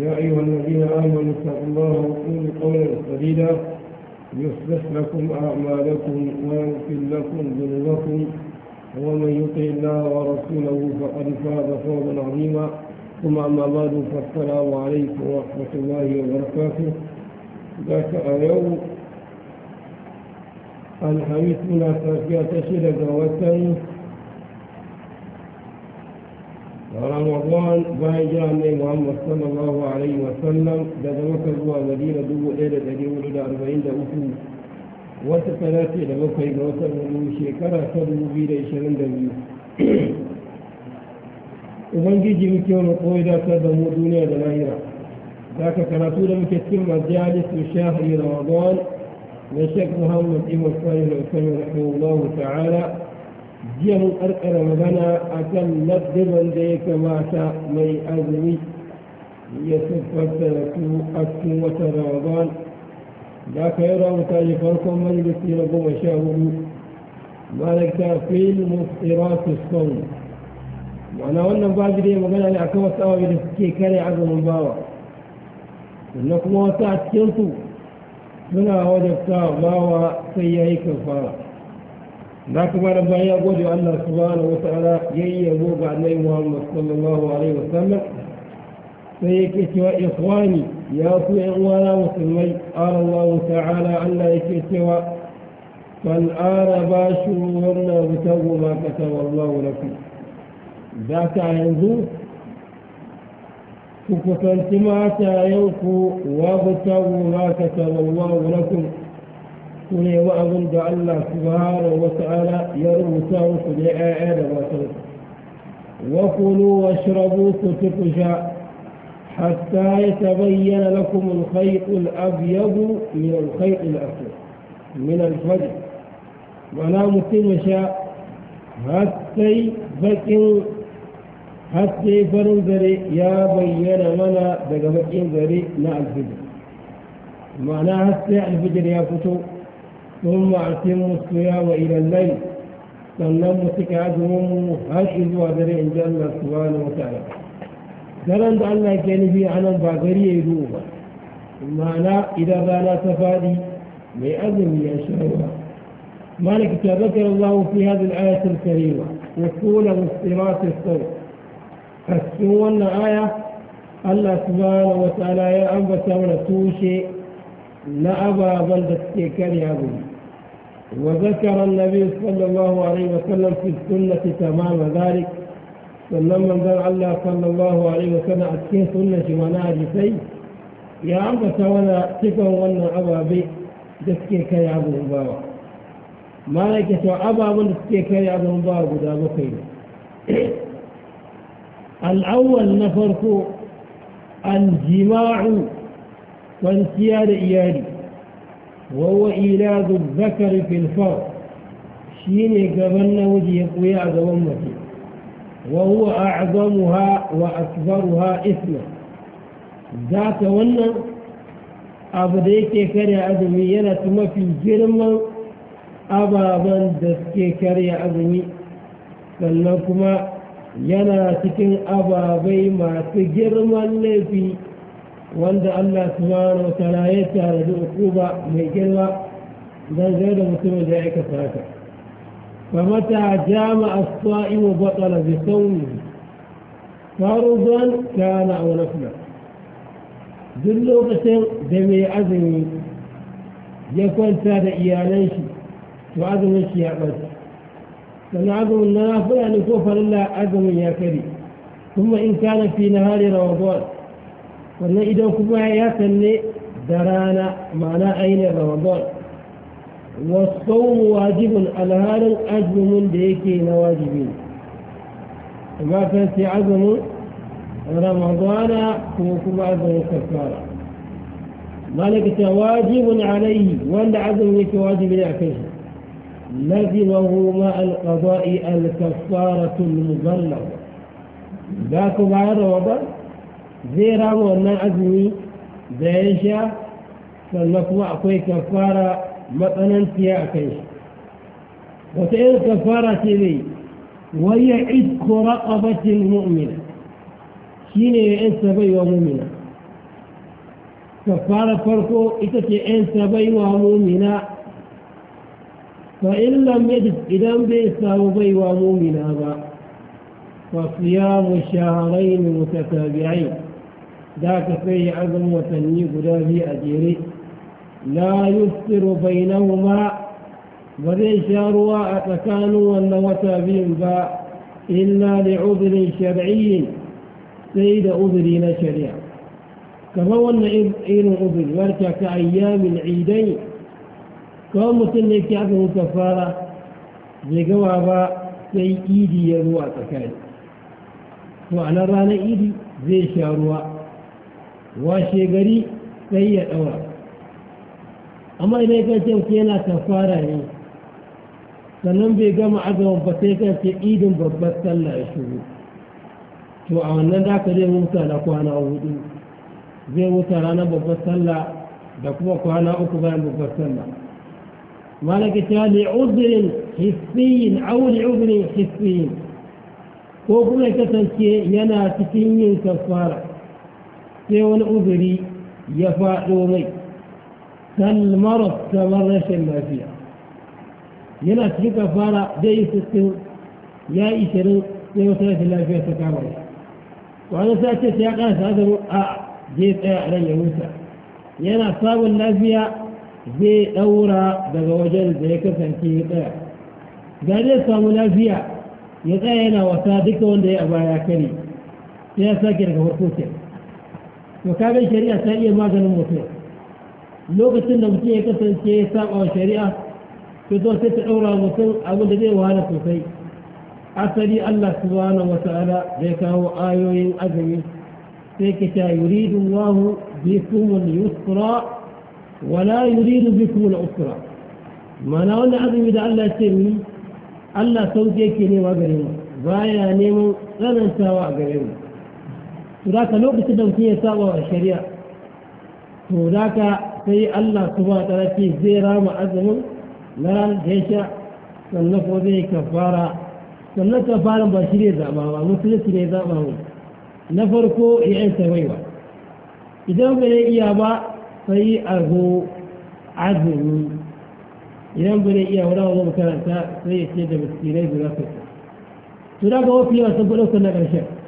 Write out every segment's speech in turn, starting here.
يا أيها الذين آمنوا اتقوا الله وقولوا قولا سديدا يصلح لكم أعمالكم ويغفر لكم ذنوبكم ومن يطع الله ورسوله فقد فاز فوزا عظيما ثم أما بعد فالسلام عليكم ورحمة الله وبركاته ذاك اليوم الحديث من أساسية شهد رمضان باي جامع محمد صلى الله عليه وسلم daga maka zuwa madina 1443 wata sana ce da bakwai ga watan hudu shekara ta 2022 ubangiji muke wani koyi dakar da mu duniya da lahira za ka karatu da muke cin majalisu shahari ramadan na shek muhammad ibn salih al-sami rahimahullahu ta'ala jiya mun karkara magana a kan ladduban da ya kamata mai azumi ya siffanta da su a cikin watan ramadan da aka yi ramuta ne farkon majalisi na goma sha hudu malakta fil musiratu son mana wannan babu dai magana ne akan wasu awabi da suke kare azumin bawa sannan kuma wasu a cikinsu suna wajabta bawa sai ya yi kafara لكن رب ما يقول أن سبحانه وتعالى يأبوك عن محمد صلى الله عليه وسلم فيكتوى إخواني يأتوى إخوانا وسلمي قال الله تعالى أن لا يكتوى من آر باشرون وتو ما كتب الله لكم ذاك عنده فكتنتما تأيوك وابتغوا ما كتب الله لكم كوني وأظن الله سبحانه وتعالى يرى مساو سبيع آدم وسلم وكلوا واشربوا كتفشا حتى يتبين لكم الخيط الأبيض من الخيط الأسود من الفجر ولا مسلمشا حتى بكن حتى فرن ذري يا بين منا دقبكين ذري نا الفجر معناها حتى الفجر يا فتو ثم أتم الصيام إلى الليل سلم تكاده هاشد وادر إن جاء الله سبحانه وتعالى سلم دعنا كان في عنا باقرية يدوبة معنى إذا بانا سفادي بأذن أذن يا شهوة مالك تذكر الله في هذه الآية الكريمة وصول مصطرات الصوت فسوان آية الله سبحانه وتعالى يا أنبت ولا توشي لا أبا ظلت تكاري أبوي وذكر النبي صلى الله عليه وسلم في السنة تمام ذلك فلما قال الله صلى الله عليه وسلم أتكين سنة جمانا جسي يا أبا سوانا تكون أن أبا بي دسكيك يا أبو مبارك ما لك سوى أبا من دسكيك يا أبو مبارك دا بخير الأول نفرك الجماع وانسيار إياري وهو إيلاد الذكر في الفرد شين قبلنا وجه قياد أمتي وهو أعظمها وأكبرها إثما ذات ون أبديك كري أدمي ينتم في الجرم أبا من دسك كري أدمي فلنكما ينا تكن أبا بي ما تجرم اللي في وند الله سبحانه وتعالى يتا رجو من جلوة ذا زيد مسلم جائك فاتح فمتى جامع الصائم بطل بصومه فرضا كان او نفلا دلو قسم دمي عزمي يكون تاد ايانيش وعزمش يا بس فالعظم النافع ان يكون فلله عزم يا كريم ثم ان كان في نهار رمضان sannan idan kuma ya sanne da rana ma'ana ainihin ramadan wasu wajibin alhalin azumin da yake na wajibi amma kan sai azumin ramadana kuma kuma azumin kafara malik ta wajibin alaihi wanda azumin yake wajibi ne a kai shi لزمه مع القضاء الكفارة المبلغة ذاك بعد رمضان زيرام ونا عزمي بيشا فالمطمع كوي كفارة مطنن فيا كيش وتأيو كفارة لي وهي عدك رقبة المؤمنة شيني انت بي ومؤمنة كفارة فرقو اتك انت بي ومؤمنة فإن لم يجد إذن بيسا وبي ومؤمنة فصيام الشهرين متتابعين دا كفي عظم وثني قدافي أجيري لا يفتر بينهما وليش أرواء أتكانوا والنوتا بهم با إلا لعذر شرعي سيد أذرين شريعا كما وانا إن أذر ورك كأيام العيدين كما سنك عظم كفارة لقوابا سيدي يروى تكاني وعلى رانا إيدي زي شارواء washe gari sai ya ɗaura amma idan ka ce ke yana kafara ne sannan bai gama azaman ba sai ka ce idin babbar sallah ya shigo to a wannan da ka zai wuta na kwana hudu zai wuta ranar babbar sallah da kuma kwana uku bayan babbar sallah malaka ta li'udurin hissiyin au li'udurin hissiyin ko kuma kasance yana cikin yin kafara sai wani uzuri ya faɗo mai kalmarar kamar rashin lafiya yana cikin kafara zai yi sittin ya yi ishirin sai wata rashin lafiya ta kama shi wani sa ce sai ya ƙarasa azumin a zai tsaya a ran ya huta yana samun lafiya zai ɗaura daga wajen da ya kasance ya tsaya ga zai samu lafiya ya tsaya yana wasa duka wanda ya a baya kare sai ya sake daga farko kenan وكان الشريعة سائية ما كان مغفر لو قلت لنا بسيئة كثيرا سيئة أو الشريعة كثيرا ست عورا وصل أقول لديه وانا كثي أصلي الله سبحانه وتعالى ذيك هو آيوي أزمي ذيك يريد الله بكم اليسرى ولا يريد بكم العسرى ما نقول عظيم إذا الله سيئني الله سوتيكني وقرمه غايا نيمو غنى سوا قرمه ذاك لوقت da mutum ya saba wa shari'a to zaka sai Allah kuma ta rafi zai rama azumin na ranar da ya sha sannan ko zai kafara sannan kafaran ba shi ne zaɓa ba musulunci ne zaɓa mu na farko ya yanta baiwa idan ba iya ba sai arho azumi idan ba iya wani wani makaranta sai ya ce da miskinai guda kusa. Tura ga wafi yawa sun buɗe na ƙarshen.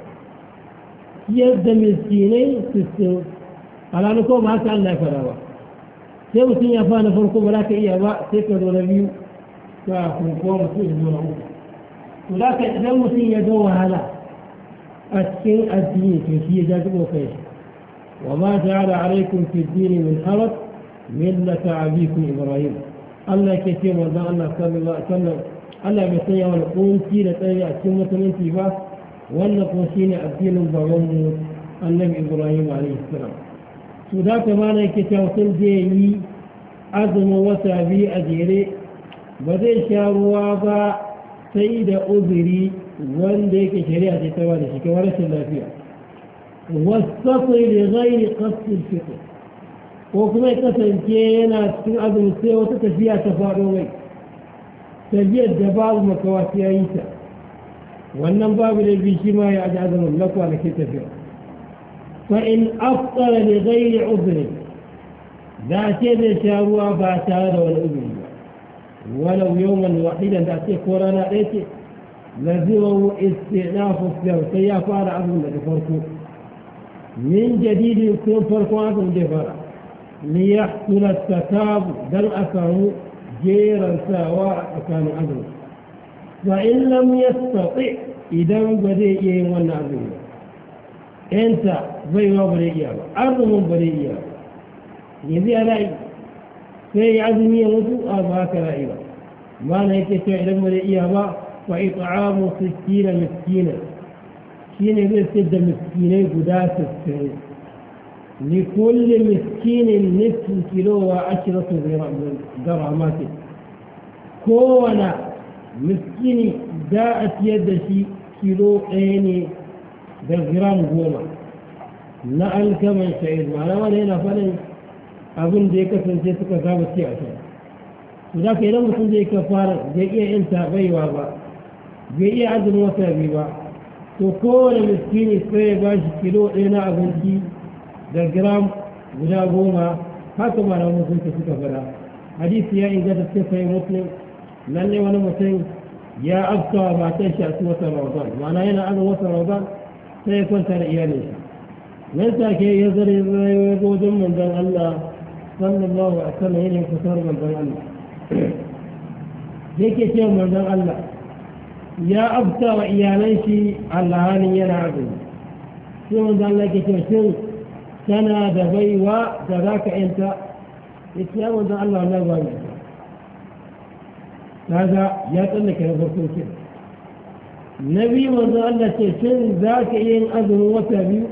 يدم السيني تستو على نكو ما كان لا فراوا سيو سين يفان فرقو ولك يا با سيكو دو ريو تا فرقو ما سيو دو نو ولك لو سين يدو هلا اسكن الدين في سي جاكو وما جعل عليكم في الدين من حرج ملة أبيكم إبراهيم الله كثير وضع الله كم الله كم الله يسير ويقول كثير تأتي أتمنى تنتهي wannan kuma shi ne addinin babanmu annabi ibrahim alaihissalam su da ta mana yake cewa sun je yi azumin wata biyu a jere ba zai sha ruwa ba sai da uzuri wanda yake shari'a ce ta ba da shi kamar rashin lafiya wasafi da gairi kastin fito ko kuma ya kasance yana cikin azumin sai wata tafiya ta faɗo mai tafiyar da babu makawa sai ya yi ta wannan babu da bi shi ma ya ji azumin na ke tafiya fa in aftara li ghairi udhri da ce da sharuwa ba tare da wani uzuri ba walau yawman wahidan da ce ko rana ɗaya ce لزمه استئناف الزوجية فارع أبو الذي من جديد da fara أبو الجفارة ليحصل التتاب دل أسعه جيرا سواء كان أبو فإن لم يستطع إذا بريئي ولا أبريئي أنت بيوا بريئي أرم بريئي يزي علي في عزمي وضوء أباك رائبا ما نيك إذا بريء أبا فإطعام سكين مسكين كين يرسد مسكين قداس السرين لكل مسكين نصف كيلو وعشرة درامات كونا miskini za a siyar da shi kilo ɗaya ne da gram goma na alkaman sha'ir ma'ana wani yana faɗin abin da ya kasance suka zama ce a can su za ka idan mutum zai ka fara zai iya yin taɓaiwa ba zai iya azumin wata biyu ba to kowane miskini sai ya ba shi kilo ɗaya na abinci da gram guda goma haka malamin sun suka fara hadisi ya inganta sai sai muslim lalle wani mutum ya afka wa matan shi a cikin watan ramadan ma'ana yana azumin watan ramadan sai ya kwanta da iyalin shi nan take ya zare zai zo wajen manzon Allah sallallahu alaihi wasallam yana fitar manzon Allah yake ce manzon Allah ya afka wa iyalan shi alhalin yana azumi sai manzon Allah yake ce shin kana da baiwa da zaka yanta yake ya manzon Allah wannan ba kaga ya tsallaka na farko ke na biyu manzo Allah ce shin za ka iya yin azumin wata biyu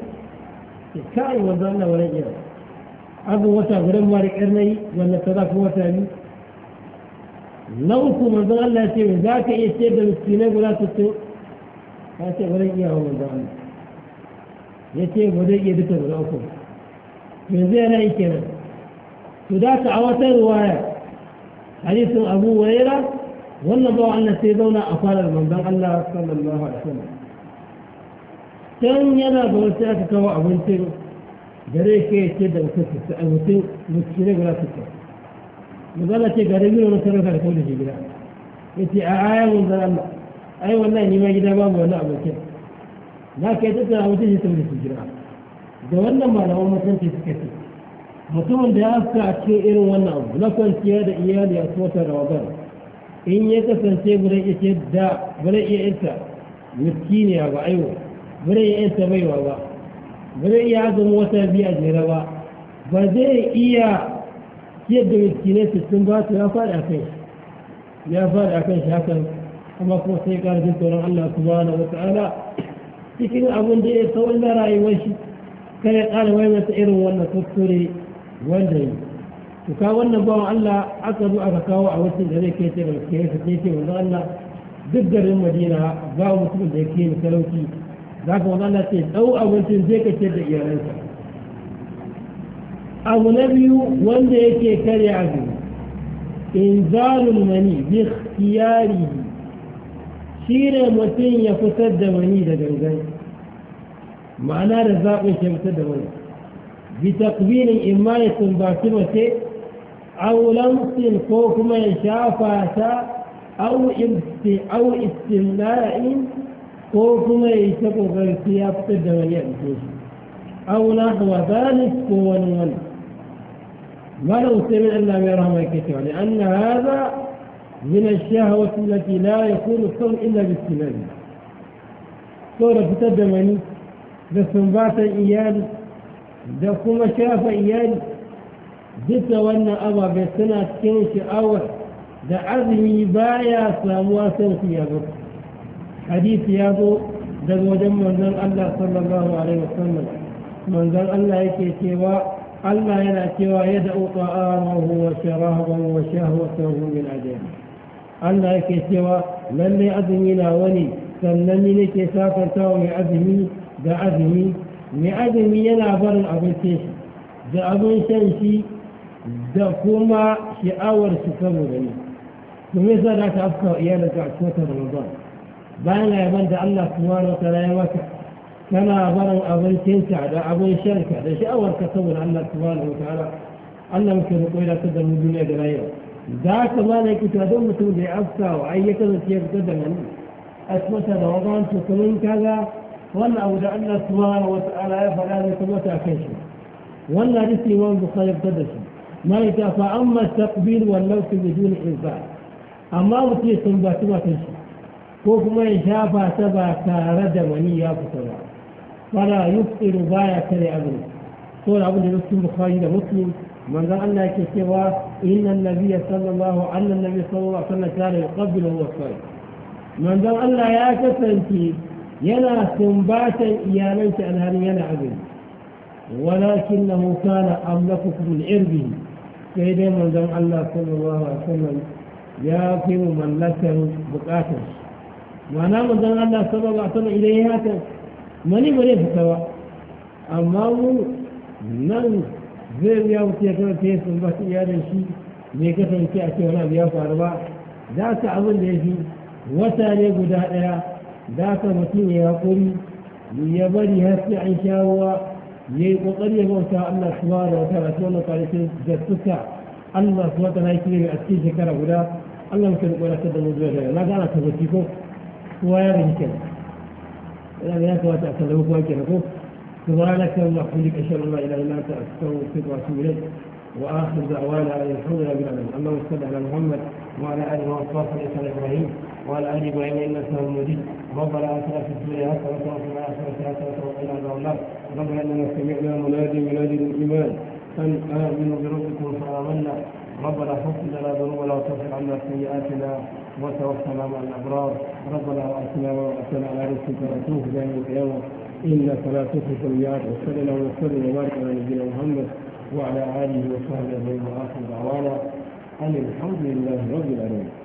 kai manzo Allah wani iya azumin wata gudan ma da ƙarnai wannan ta za ku wata biyu na uku manzo Allah ce za ka iya ce da miskinai guda sittin ka ce wani iya wa manzo Allah ya ce ba zai iya duka guda uku yanzu yana yi kenan to da ka a wata ruwaya hadisin abu hurairah ونبو أن سيدونا أصال المنبع الله صلى الله عليه وسلم كان ينا بوسيات كواء بنتين جريك يتيد وكسس أبوتين مكشيني ولا تكسر مدالة تقريبين ونسرنك على كل شيء إتي أعايا من ذا الله أي والله إني ما جدا بابا ولا أبوتين لا كيتك أبوتين يتمنى في جراء دولنا ما لهم مكان تسكتي مطمئن دي أفكا أكي إيرو ونعو لكن سيادة إيالي أصوات الرواضان in ya kasance bare iya yadda bare iya yadda miskiniya ba aiwa bare iya yadda baiwa ba bare iya azumin wata biya jere ba ba zai iya yadda miskinai sittin ba su ya faɗi a kan ya faɗi a kan shi hakan amma kuma sai ƙara jin tsoron Allah subhanahu wa ta'ala cikin abin da ya saurin da rayuwar shi kada ya ƙara waiwata irin wannan kuskure wanda yi to ka wannan bawan Allah aka zo aka kawo a wasu da zai kai ce da ke yasa sai ce wanda Allah duk garin Madina ba mutumin da yake yin talauci za ka wanda Allah ce dau abincin zai ka ce da iyalansa abu na biyu wanda yake karya azumi inzalul mani bi ikhtiyari shi ne mutum ya fitar da mani da gangan ma'ana da zaɓin shi fitar da mani bi takbirin imma ya sumbaci mace أو لمس كوكما يشافاتا أو أو استمناء كوكما يشافو غرسياب تدوى يأتيش أو نحو ذلك كون ون ولو سمع الله برحمة كثيرا لأن هذا من الشهوة التي لا يكون الصوم إلا باستمناء صورة تدمني بسنبات إيان بعث إيال ده شاف duka wannan ababe suna cikin sha'awar da azumi baya samuwa sauki ya zo hadisi ya zo daga wajen manzon Allah sallallahu alaihi wasallam manzon Allah yake cewa Allah yana cewa ya da'u ta'amahu wa sharabahu wa shahwatahu min ajali Allah yake cewa lalle azumi na wani sannan ni nake sakantawa mai azumi da azumi mai azumi yana barin abinci da abin shan shi da kuma sha'awar su saboda ni domin yasa za ka afka wa ka a cikin ramadan bayan yaban da allah subhanahu wa ta'ala ya wata kana barin abincinka da abin shanka da sha'awar ka saboda allah subhanahu wa ta'ala allah muke roƙo koyar ta mu duniya da rayuwa za ka ma na yake don mutum da ya afka wa ai da kasance ya fitar da mani a cikin watan ramadan to kamar kaga wannan abu da allah subhanahu wa ta'ala ya faɗa ne kuma ta kai shi wannan hadisi imam bukhari fitar da shi ملكة فأما التقبيل واللوث بدون إنسان أما متي سنبات ما تنشي ما يشافى سبا كارد مني يا فلا يفطر بايا كري أبنى قول أبن المسلم بخاري مسلم من ذا أن كسوا إن النبي صلى الله عليه النبي صلى الله عليه وسلم كان يقبل وهو صائم من ذا أن يا كسنتي ينا سنباتا يا أن هل ينا أبن ولكنه كان أملككم من عربه sai dai manzon Allah sallallahu alaihi wasallam ya fi mu mallakar bukatar mana manzon Allah sallallahu alaihi wasallam idan ya haka mani ba zai fita ba amma mu nan zai ya wuce kan ta sun ba su iyalin shi ne kasance a ce wani abu ya faru ba za ka abin da ya fi wata ne guda ɗaya za ka mutum ya haƙuri ya bari har sai an sha ruwa ya yi ƙoƙari ya bauta Allah su ma da wata rasu wannan kwanakin da suka Allah su wata na yi kire a cikin shekara guda Allah mutum da ƙwararsa da mu zuwa da na gana ta zafi ko kowa ya rage kenan yana da ya kamata a sallama kowa kenan ko سبحانك اللهم وبحمدك اشهد ان لا اله الا انت استغفرك واتوب اليك واخر دعوانا ان الحمد لله رب العالمين اللهم صل على محمد وعلى اله وصحبه وسلم ابراهيم وعلى اهل ابراهيم انك حميد المجيد ربنا اتنا في الدنيا حسنه وفي الاخره حسنه وقنا عذاب النار ربنا اننا سمعنا منادي منادي الإيمان ان امنوا بربكم فامنا ربنا اغفر لنا ذنوبنا وكفر عنا سيئاتنا وتوفنا مع الابرار ربنا واتنا ما واتنا على رسلك رسوله يوم القيامه انك لا تخلف الميعاد وصل وسلم وبارك على نبينا محمد وعلى اله وصحبه اجمعين واخر دعوانا ان الحمد لله رب العالمين